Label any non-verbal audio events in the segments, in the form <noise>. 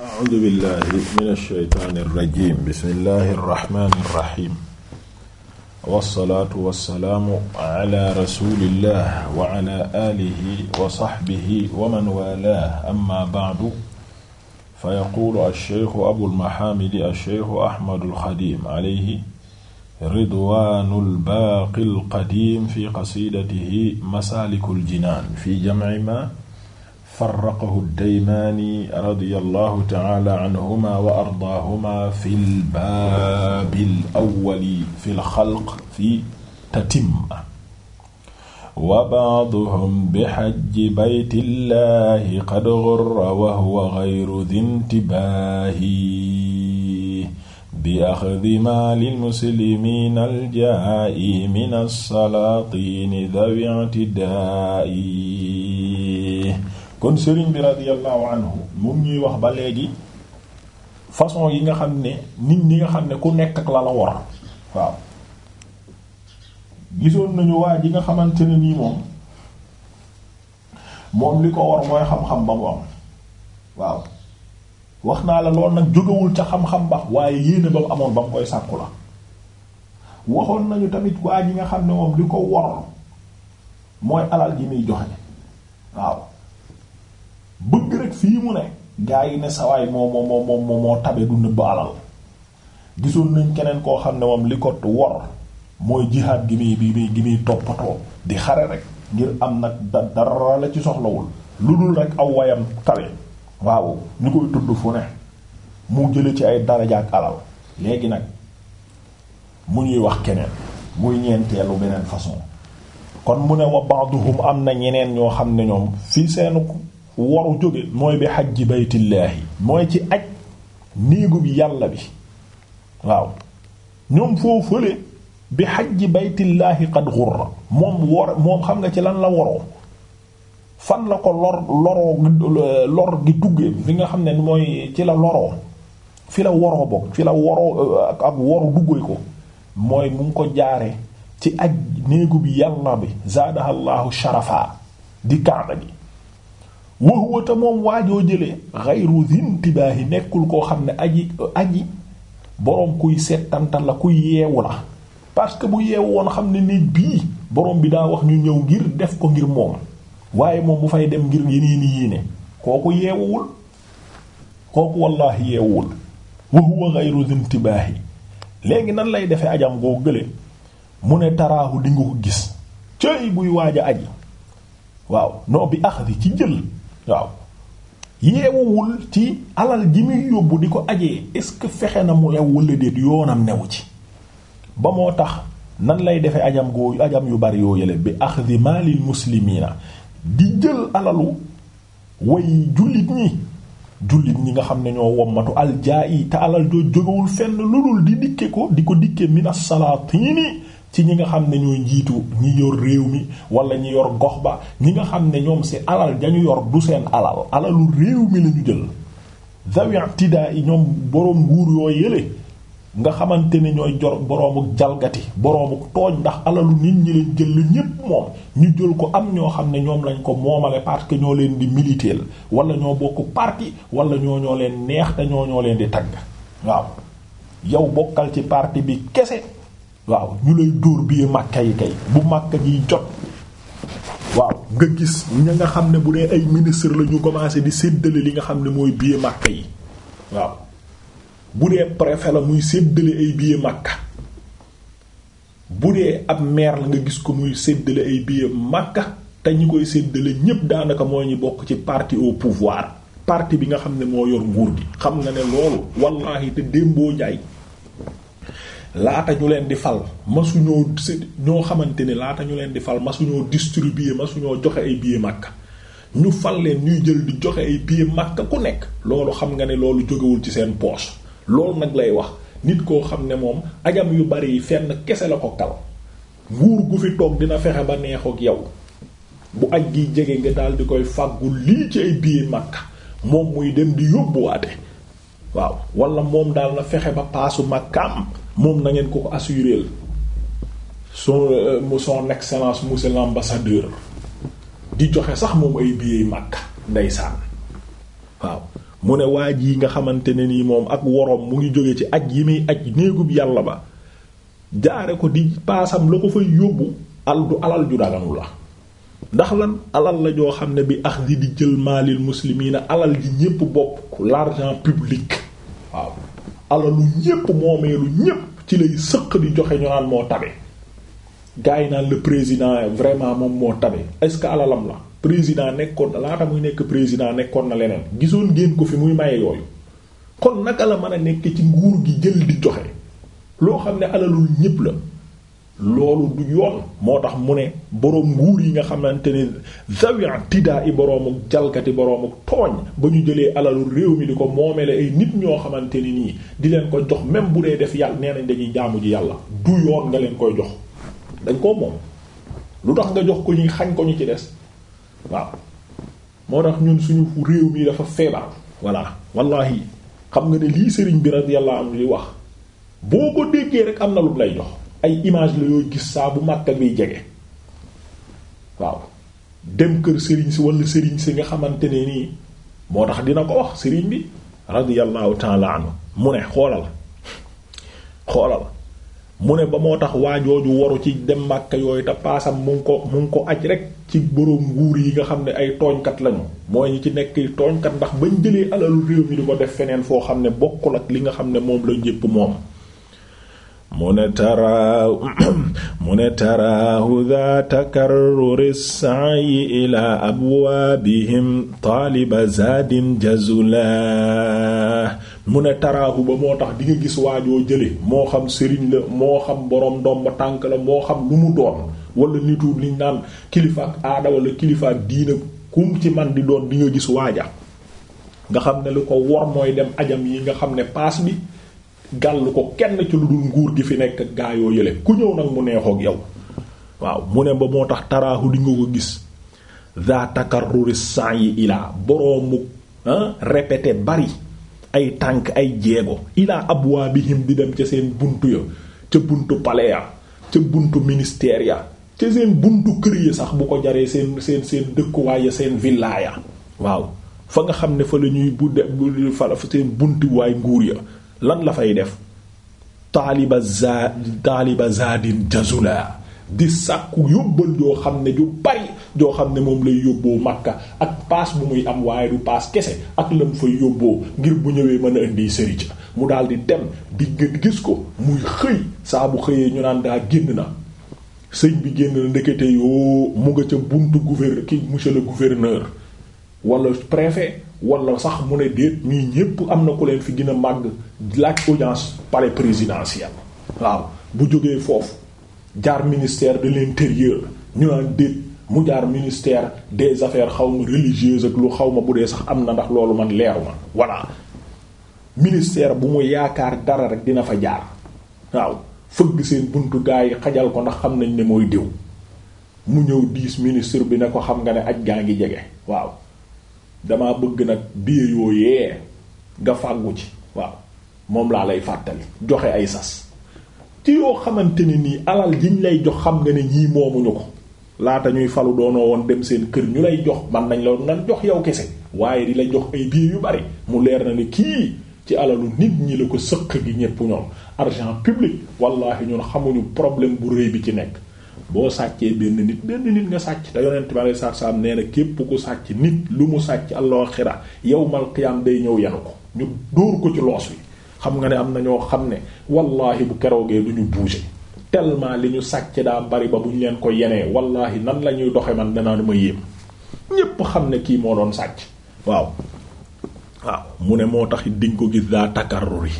a'uuzu billaahi mina shaytaani rajiim bismillaahi rahmaani rahiim wassalaatu wassalaamu ala rasuulillah wa ala aalihi wa sahbihi wa man waalaahu amma ba'du fa yaquulu ash-shaykhu abul mahaamidi ash-shaykhu ahmadul xadiim alayhi ridwaanul baaqil qadiim fi qasiidatihi masaalikul jinaan fi jam'i maa farraqahu daymaani radiyallahu ta'ala anhuma wa ardaahuma fil baabil awwali fil xalq fi tatimma wa ba'duhum bi hajji baytillahi qad ghurra wa huwa ghayru dhintibaahi bi akhdhi maalil muslimiina al jaa'i mina salaatiin dhawi i'tidaa'i kon sëriñ bi radiyallahu anhu moom ñuy wax ba léegi façon yi nga xam ne nit ñi nga xam ne ku nekk ak la la war waaw gisoon nañu waa ji nga xamante ne nii moom moom li ko war mooy xam-xam ba mu am waaw wax naa la lool nag jógewul ca xam-xam ba waaye yéene ba amoon ba mu koy sàkku la waxoon nañu tamit waa ji nga xam ne moom li ko war mooy alal ji muy joxe waaw rek fii mu ne gaa yi ne sawaay moo moo moo moo tabe du nëbb alal gisul nañ keneen koo xam ne moom li ko wor mooy jihaad gi muy bi gi muy toppatoo di xare rek ngir am nag da dara la ci soxlawul lu dul rek aw wayam tawe waaw ñu koy tudd fu ne mu jële ci ay daraja ak alal léegi nag mu ñuy wax keneen muy ñeenteelu beneen façon kon mu ne wa ba'duhum am na ñeneen ñoo xam ne ñoom fii seenu waru jóge mooy bi xajji baytillaahi mooy ci aj néegu bi yàlla bi waaw ñoom foo fële bi xajji baytillaahi qad xurra moom war moom xam nga ci lan la waroo fan la ko lor loroo gi duggee li nga xam ne mooy ci la loroo fi la waroo bokk fi la waroo ak waru duggee ko mooy mu ngi ko jaaree ci aj néegu bi yàlla bi zaadahallahu sharafa di kaaba gi wa moom waajoo jëlee xayru zintibaahi nekkul koo xam ne aji aji borom kuy settantal la kuy yeewu la parce que bu yeewu woon xam ne nit bii boroom bi daa wax ñu ñëw ngir def ko ngir moom waaye moom bu fay dem ngir yeneen yii ne kooku yeewuwul kooku wallaahi yeewuwul wa huwa xayru zintibaahi léegi nan lay defee ajam koo gële mu ne taraahu di nga ko gis cëy buy waaj aji waaw noo bi axdi ci jël waaw yeewuwul ci alal ji muy yóbbu di ko ajee est-ce que fexe na mu lew wala déet yoonam newu ci ba moo tax nan lay defee ajam goo ajam yu bari yoo yële bi axdi maalil muslimiina di jël alalu way jullit ñi jullit ñi nga xam ne ñoo wommatu aljaa yi te alal joo jógewul fenn lu dul di dikke ko di ko dikke min as ci ñi nga xam ne ñooy njiitu ñi yor réew mi walla ñi yor gox ba ñi nga xam ne ñoom si alal dañu yor du seen alal alalu réew mi la ñu jël zawi tidaa yi ñoom boroom nguur yoo yële nga xamante ne ñooy jor boroomu jalgati boroomu tooñ ndax alalu nit ñi leen jël lu moom ñu jël ko am ñoo xam ne ñoom lañ ko moomale parce que ñoo leen di militer wala ñoo bokk parti wala ñoo ñoo leen neex te ñoo ñoo leen di tagg waaw yow bokkal ci parti bi kese waaw ñu lay dóor bii màkka yi kay bu màkka gi jot waaw nga gis ña nga xam ne bu dee ay ministre la ñu commencé di séddale li nga xam ne mooy billet màkka yi waaw bu dee préfet la muy séddale ay billet màkka bu dee ab maire la nga gis ko muy séddale ay billet màkka te ñi koy séddale ñépp daanaka moo ñu bokk ci parti au pouvoir parti bi nga xam ne moo yor nguur gi xam nga ne loolu wallaahi te démboo njaay laata ñu leen di fal masuñoo ñoo xamante ne laata ñu leen di fal masuñoo distribuer masuñoo joxe ay billet Makka ñu fal leen ñuy jël di joxe ay billet Makka ku nekk loolu xam nga ne loolu jógewul ci seen poche loolu nag lay wax nit koo xam ne moom ajam yu bari yi fenn kese la ko kal nguur gu fi toog dina fexe ba neexook yow bu aj gi jege nga daal di koy fàggul lii ci ay billet Makka moom muy dem di yóbbuwaate waaw walla moom daal na fexe ba paasu makkaam moom na ngeen ko ko assuré son euh, son excellence monsieur l'ambassadeur di joxe sax moom ay billets makka ndeysaan waaw mu ne waa ji nga xamante ne nii moom ak woroom mu ngi jóge ci aj yi muy aj néegub yàlla ba jaare ko di paasam la ko fay yóbbu al du alal ju daganu la ndax lan alal la joo xam ne bi ax di di jël maalil muslimiina alal ji ñépp bopp l'argent public waaw alalu ñépp moomeelu ñépp ci lay sëq di joxe ñu naan moo tabe gars yi naan le président vraiment moom moo tabe est-ce que alalam la président nekkoon laata muy nekk président nekkoon na leneen gisoon ngeen ko fi muy maye yooyu kon naka la mën a nekk ci nguur gi jël di joxe loo xam ne alalul ñépp la loolu du yoon moo tax mu ne boroom nguur yi nga xamante ne zawian tiddaa i boroomuk jalkati boroomuk tooñ ba ñu jëlee alalu réew mi di ko moomele ay nit ñoo xamante ni nii di leen ko jox même bu dee def yàlla nee nañ dañuy jaamu ji yàlla du yoon nga leen koy jox dañ koo moom lu tax nga jox ko ñuy xañ ko ñu ci des waaw moo tax ñun suñu réew mi dafa feebar voilà wallahi xam nga ne lii sëriñ bi radiyallahu anhu li wax boo ko déggee rek am na lu lay jox ay image la yoo gis saabu bu màkka biy jege waaw dem kër sëriñ si wala sëriñ si nga xamante ne nii moo tax dina ko wax sëriñ bi radiyallahu ta'ala anhu mu ne xoolal xoolal mu ne ba moo tax waajooju waru ci dem màkka yooyu te paasam mu ngi ko mu ngi ko aj rek ci boroom nguur yi nga xam ne ay tooñkat lañu mooy ñi ci nekk tooñkat ndax ba jëlee alalu réew mi di ko def feneen foo xam ne bokkul ak li nga xam ne moom la jëpp moom mu ne taraahu <clears throat> mu ne taraahu daa takarruri sa'yi ilaa abwaabihim taaliba zaadin jazula mu ne taraahu ba moo tax di nga gis waajoo jële moo xam sëriñ la moo xam boroom ndomba tànk la moo xam lu mu doon wala nitu liñ naan kilifaak aada wala kilifaak diina kum ci man di doon bi nga gis waaja nga xam ne lu ko wor mooy dem ajam yi nga xam ne paas bi gàll ko kenn ci lu dul nguur gi fi nekk gaayoo yële ku ñëw nag mu neexoog yow waaw mu ne ba moo tax taraahu di ko gis za takarruri san ilaa boroomu ah, répété bari ay tànk ay jeego ilaa abwaabihim di dem ca seen buntu ya ca buntu palais ya ca buntu ministère ya ca seen buntu kër ya sax bu ko jaree seen seen seen dëkkuwaay ya seen villa ya waaw fa nga xam ne fa la ñuy bu de fa la seen buntu nguur ya lan la fay def taaliba za taaliba zadin jazula di sàkku yóbbal joo xam ne ju bari joo xam ne moom lay yóbboo Makka ak paas bu muy am waaye du paas kese ak la mu fay yóbboo ngir bu ñëwee mën a indi sëri ca mu daal di dem di gis ko muy xëy saa bu xëyee ñu naan daa génn na sëñ bi génn na ndekete yoo mu nga ca buntu gouverneur ki monsieur le gouverneur wala préfet wala sax mu ne déet ñii ñépp am na ku leen fi gën a màgg laaj audience palais présidentiel waaw bu jógee foofu jaar ministère de l'intérieur ñu naan déet mu jaar ministère des affaires xaw ma religieuses ak lu xaw ma bu dee sax am na ndax loolu man leeru ma voilà ministère bu mu yaakaar dara rek dina fa jaar waaw fëgg seen buntu gaa yi xajal ko ndax xam nañ ne mooy diw mu ñëw diis ministre bi ne ko xam nga ne aj gaa ngi jege waaw dama bëgg nag biye yooyee nga fàggu ci waaw moom laa lay fàttali joxe ay sas ci yoo xamante ni nii alal jiñ lay jox xam nga ni ñii moomuñu ko laata ñuy falu doonoo woon dem seen kër ñu lay jox man nañ la nan jox yow kese waaye di la jox ay biye yu bari mu leer na ne kii ci alalu nit ñi la ko sëq gi ñépp ñoom argent public wallahi ñun xamuñu problème bu rëy bi ci nekk boo sàccee benn nit benn nit nga sàcc te yonent bi alei satu salaam nee na képp ku sàcc nit lu mu sàcc àllaaxira yawmal qiyaam day ñëw yanu ko ñu dóor ko ci loos wi xam nga ne am na ñoo xam ne wallaahi bu keroogee du ñu bouger tellement li ñu sàcc daa bari ba bu ñu leen ko yenee wallaahi nan la ñuy doxe man danaa ma yéem ñépp xam ne kii moo doon sàcc waaw waaw mu ne moo tax diñ ko gis daa takkaruri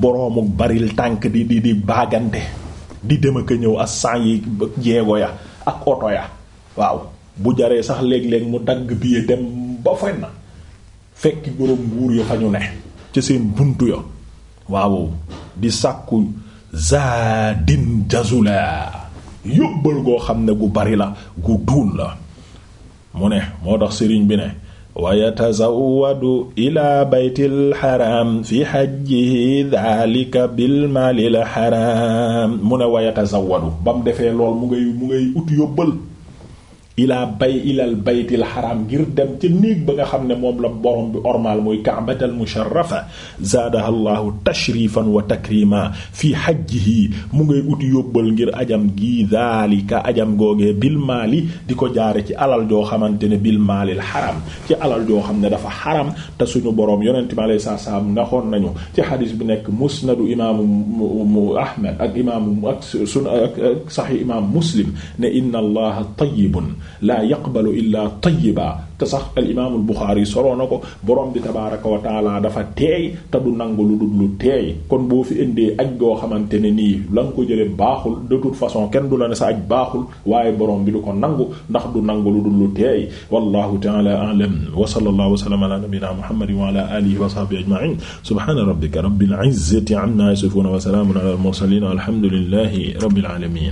boroomu baril tànk di di di baagante di dem ak ñëw ak sang yi jeego ya ak oto ya waaw bu jaree sax leeg léeg mu dagg billet dem ba fenn fekki borom nguur ya fa ñu ne ca seen buntu ya waaw di sàkku zaadin jazula yóbbal goo xam ne gu bari la gu duun la mu ne moo tax sëriñ bi ne wa yatazawwadu ila baytil xaram fi xajjihi daalika bil maalil xaram mu ne wa yatazawwadu ba mu defee lool mu ngay mu ngay ut yóbbal ilaa bay ilal baytil xaraam ngir dem ca néeg ba nga xam ne moom la borom bi ormal muy kaabatal musharrafa zaadaha llahu tashrifan wa takrima fii hajjihi mu ngay uti yóbbal ngir ajam gii daalika ajam googee bil di ko jaare ci alal joo xamante ne bil maalil xaram ci alal joo xam ne dafa xaram te suñu boroom yonente mi alei naxoon nañu ci xadis bi nekk musnadu imaamu ahmad ak imaamu ak muslim ne inna allaha tayyibun laa yaqbalu illaa tayyiba te sax al imaamul Buxaari soloo na ko borom bi tabaaraka wa taala dafa te du nangu lu dul lu teey kon boo fi indee aj goo xamante ne nii la nga ko jëlee baaxul de toute façon kenn du la ne sa aj baaxul waaye borom bi du ko nangu ndax du nangu lu dul lu teey wallahu ta'ala a'lam wa sallallahu wa sallama ala nabiyyina muhammadin wa ala alihi wa sahbihi ajma'in subhana rabbika rabbil izzati amma yasifun wa salamun ala al mursalin walhamdulillahi rabbil alamin